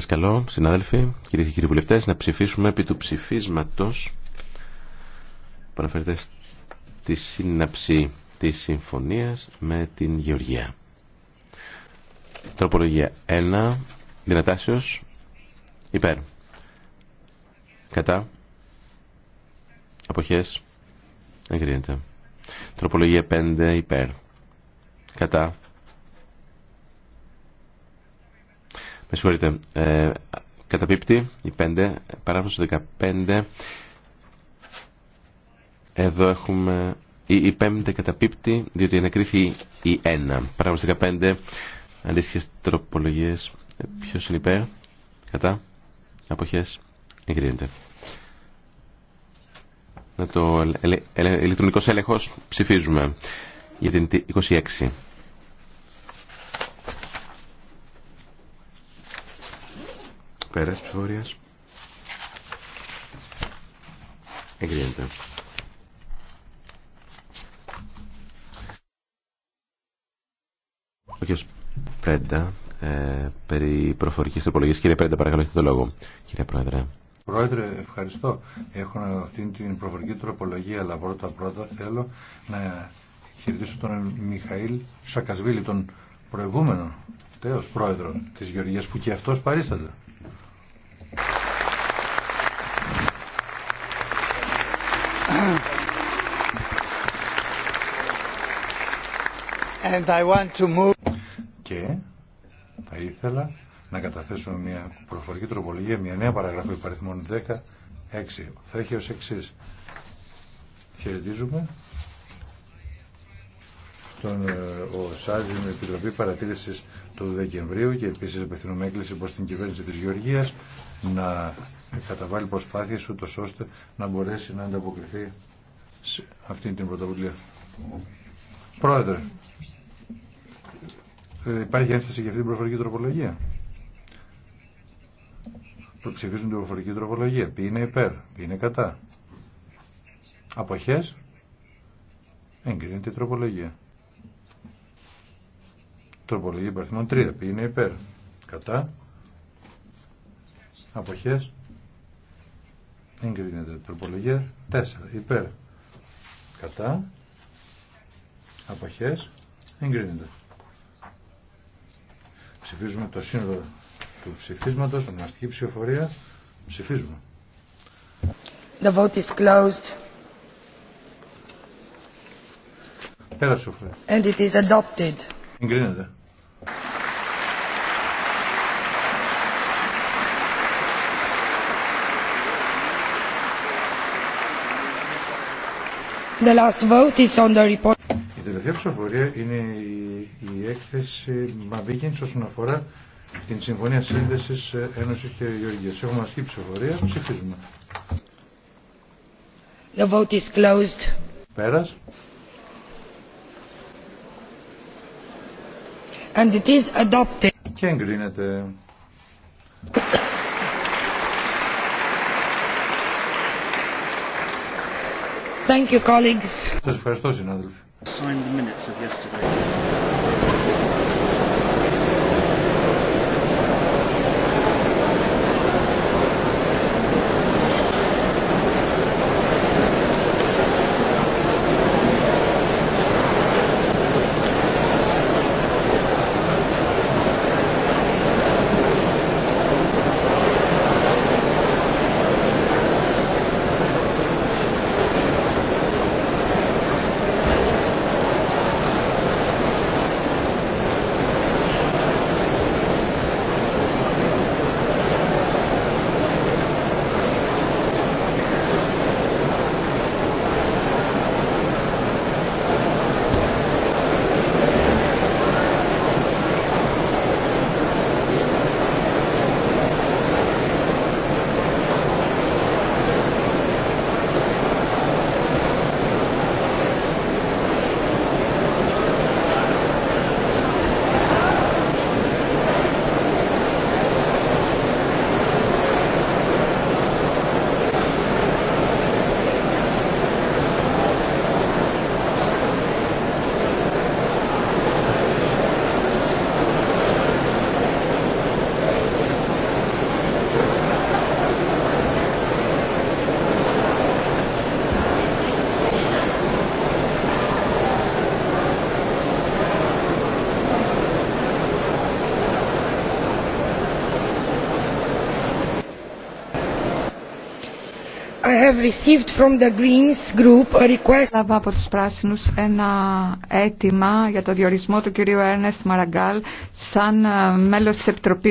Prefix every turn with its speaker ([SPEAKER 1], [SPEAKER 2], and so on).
[SPEAKER 1] Σας καλώ, συνάδελφοι, κυρίε και κύριοι βουλευτές, να ψηφίσουμε επί του ψηφίσματος που αναφέρεται στη σύναψη της συμφωνίας με την Γεωργία. Τροπολογία 1, Δυνατάσιος. υπέρ. Κατά. Αποχές. Εγκρίνεται. Τροπολογία 5, υπέρ. Κατά. Με συγχωρείτε. Ε, καταπίπτει η 5, παράγραφος 15. Εδώ έχουμε... Η, η 5 καταπίπτει, διότι ανακρύφει η 1. Παράγραφος 15, αντίστοιχες τροπολογίες. Ε, ποιος είναι υπέρ, κατά, αποχές, εγκρίνεται. Να το ε, ε, ηλεκτρονικό έλεγχος ψηφίζουμε για την 26. Πέρας ψηφορίας. Εγκρίνεται. Ο κ. Πρέντα, ε, περί προφορικής τροπολογίας. Κύριε Πρέντα, παρακαλώ, έχετε το λόγο. Κύριε Πρόεδρε.
[SPEAKER 2] Πρόεδρε, ευχαριστώ. Έχω αυτή την προφορική τροπολογία, αλλά πρώτα-πρώτα θέλω να χαιρετήσω τον Μιχαήλ Σακασβίλη, τον προηγούμενο τέος πρόεδρο της Γεωργίας, που και αυτός παρίσταται. Και θα ήθελα να καταθέσω μια προφορική τροπολογία, μια νέα παραγραφή υπαριθμών 10, 6. Θα έχει ως εξής. Χαιρετίζουμε τον ε, Σάζη με Επιτροπή Παρατήρησης του Δεκεμβρίου και επίσης απευθυνούμε έκκληση προς την κυβέρνηση της Γεωργίας να καταβάλει προσπάθειες ούτω ώστε να μπορέσει να ανταποκριθεί σε αυτή την πρωτοβουλία. Πρόεδρε, ε, υπάρχει ένσταση για αυτή την προφορική τροπολογία. Ψηφίζουν την προφορική τροπολογία. Ποιοι είναι υπέρ, ποιοι είναι κατά. Αποχές. Εγκρίνεται η τροπολογία. Τροπολογία υπαρθμών 3. Ποιοι είναι υπέρ. Κατά. Αποχές. Εγκρίνεται η τροπολογία 4. Υπέρ. Κατά. Αποχές. Εγκρίνεται. Ψηφίζουμε το σύνολο του ψηφίσματος, ονομαστική ψηφοφορία. Ψηφίζουμε.
[SPEAKER 3] The vote is closed. Πέρασε And it is adopted. Εγκρίνεται. The last vote is on the report
[SPEAKER 2] τελευταία δηλαδή, ψηφοφορία είναι η, η έκθεση Μαμπίκιν όσον αφορά την Συμφωνία Σύνδεση ε, Ένωση και Γεωργία. Έχουμε ασκή ψηφοφορία, ψηφίζουμε.
[SPEAKER 3] The vote is closed. Πέρας. And it is adopted. Και
[SPEAKER 2] εγκρίνεται.
[SPEAKER 3] Thank you, colleagues.
[SPEAKER 2] Σας ευχαριστώ, συνάδελφοι signed the minutes of yesterday.
[SPEAKER 3] από τους πράσινους ένα αίτημα για το διορισμό του κυρίου Έρνεστ Μαραγκάλ σαν ε, μέλος της Επιτροπής